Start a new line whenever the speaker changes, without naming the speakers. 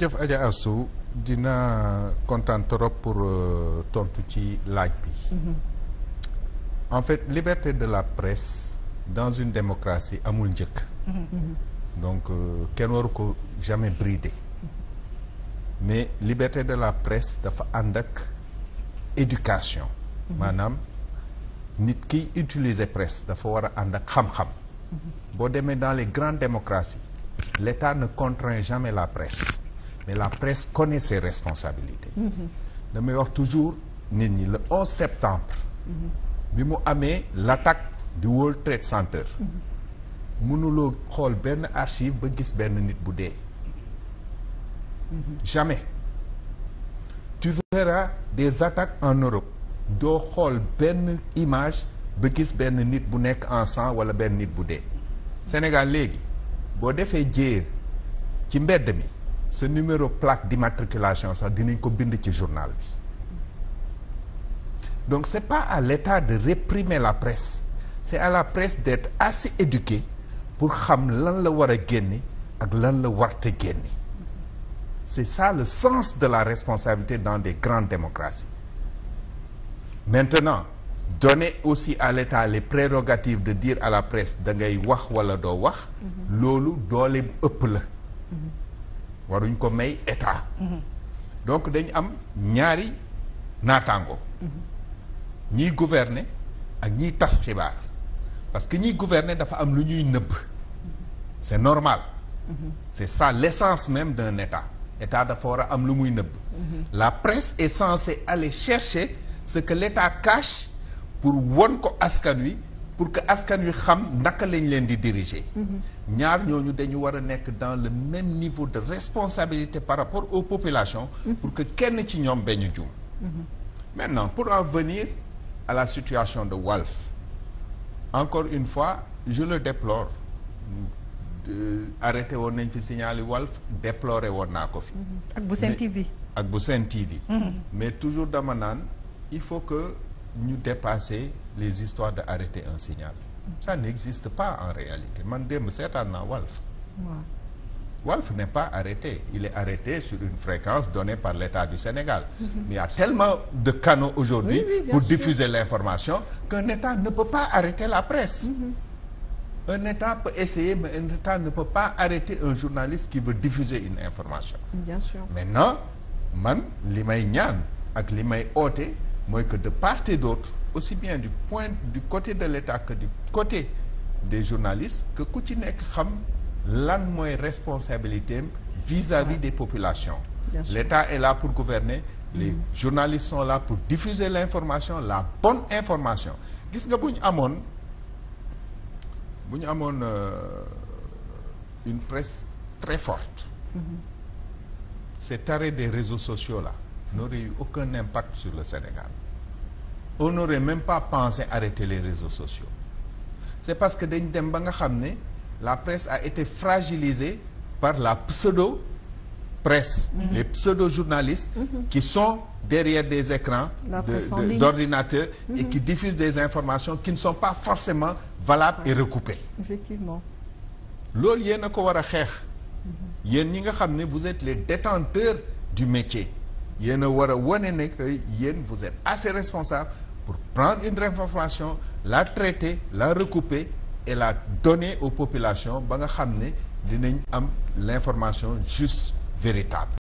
jëf Adja dina kontaan trop pour euh, tontu ci laaj bi mm-hmm. en fait liberté de la presse dans une démocratie amul njëkk mm-hmm. donc euh, kenn waru ko jamais brider mm-hmm. mais liberté de la presse dafa ànd ak éducation maanaam nit kiy utiliser presse dafa war a ànd ak xam-xam boo demee dans les grandes démocraties l'État ne contraint jamais la presse mais la presse connaît responsabilité damay wax toujours nit ñi le 11 septembre bi mu amee l'attaque du World Trade Center mënuloo xool benn archive ba gis benn nit bu dee jamais tu des attaques en Europe doo xool benn image ba gis benn nit bu nekk en sang wala benn nit bu dee Sénégal léegi boo defee jéer ci mbedd mi sa numéro plaque d'immatriculation sax dinañ ko bind ci journal bi donc c'est pas à l'État de réprimer la presse c'est à la presse d'être assez éduquée pour xam lan la war a génne ak lan la warte génne c'est ça le sens de la responsabilité dans des grandes démocraties maintenant donner aussi à l'État les prérogatives de dire à la presse da ngay wax wala doo wax mhm. loolu dooleem ëpp la
mhm.
waruñ ko may état. donc dañ am ñaari naataango. ñii gouverner ak ñii tas xibaar parce que ñii gouverner dafa am lu ñuy nëbb. c'est normal. c'est ça l'essence même d'un état état dafa war a am lu muy nëbb. la presse est censée aller chercher ce que l'état cache pour won ko askan wi. pour que askan wi xam naka lañ leen di diriger. ñaar ñooñu dañu war a nekk dans le même niveau de responsabilité par rapport au populations. pour que kenn ci ñoom bañu juum. maintenant pour en venir à la situation de Walf encore une fois je le déplore arrêté woon nañ fi signalé Walf déploré woon naa ko fi.
ak bu Sen TV.
ak bu Sen TV. Mm. mais toujours dama naan il faut que. ñu dépasser les histoires de arrêter un signal ça n'existe pas en réalité man démb seetaan naa Walf Walf n'est pas arrêté il est arrêté sur une fréquence donnée par l'État du Sénégal mais il y a tellement de canaux aujourd'hui pour diffuser l'information qu'un État ne peut pas arrêter la presse mm-hmm. un État peut essayer mais un État ne pas arrêter un journaliste qui veut diffuser une information bien sûr man li may ñaan ak li may oote mooy que de part et d'autre aussi bien du point du côté de l'État que du côté des journalistes que ku ci nekk xam lan mooy responsabilité vis-à-vis des populations l'État est là pour gouverner les mm. journalistes sont là pour diffuser l'information la bonne information gis nga bu ñu amoon bu ñu amoon euh, une presse très forte mm -hmm. des réseaux sociaux la n'aurait eu aucun impact sur le Sénégal. On n'aurait même pas pensé arrêter les réseaux sociaux. C'est parce que dañ dem ba nga xam ne la presse a été fragilisée par la pseudo presse mm -hmm. les pseudo journalistes mm-hmm. qui sont derrière des écrans d'ordinateurs de, de, et mm-hmm. qui diffusent des informations qui ne sont pas forcément valables ouais. et recoupées
effectivement
loolu yéen a ko war a xeex
mm-hmm.
yéen ñi nga xam ne vous êtes les détenteurs du métier yéen a war a wane ne que yéen vous êtes assez responsable pour prendre une information la traité la recouper et la donner aux populations ba nga xam ne dinañ am l'information juste véritable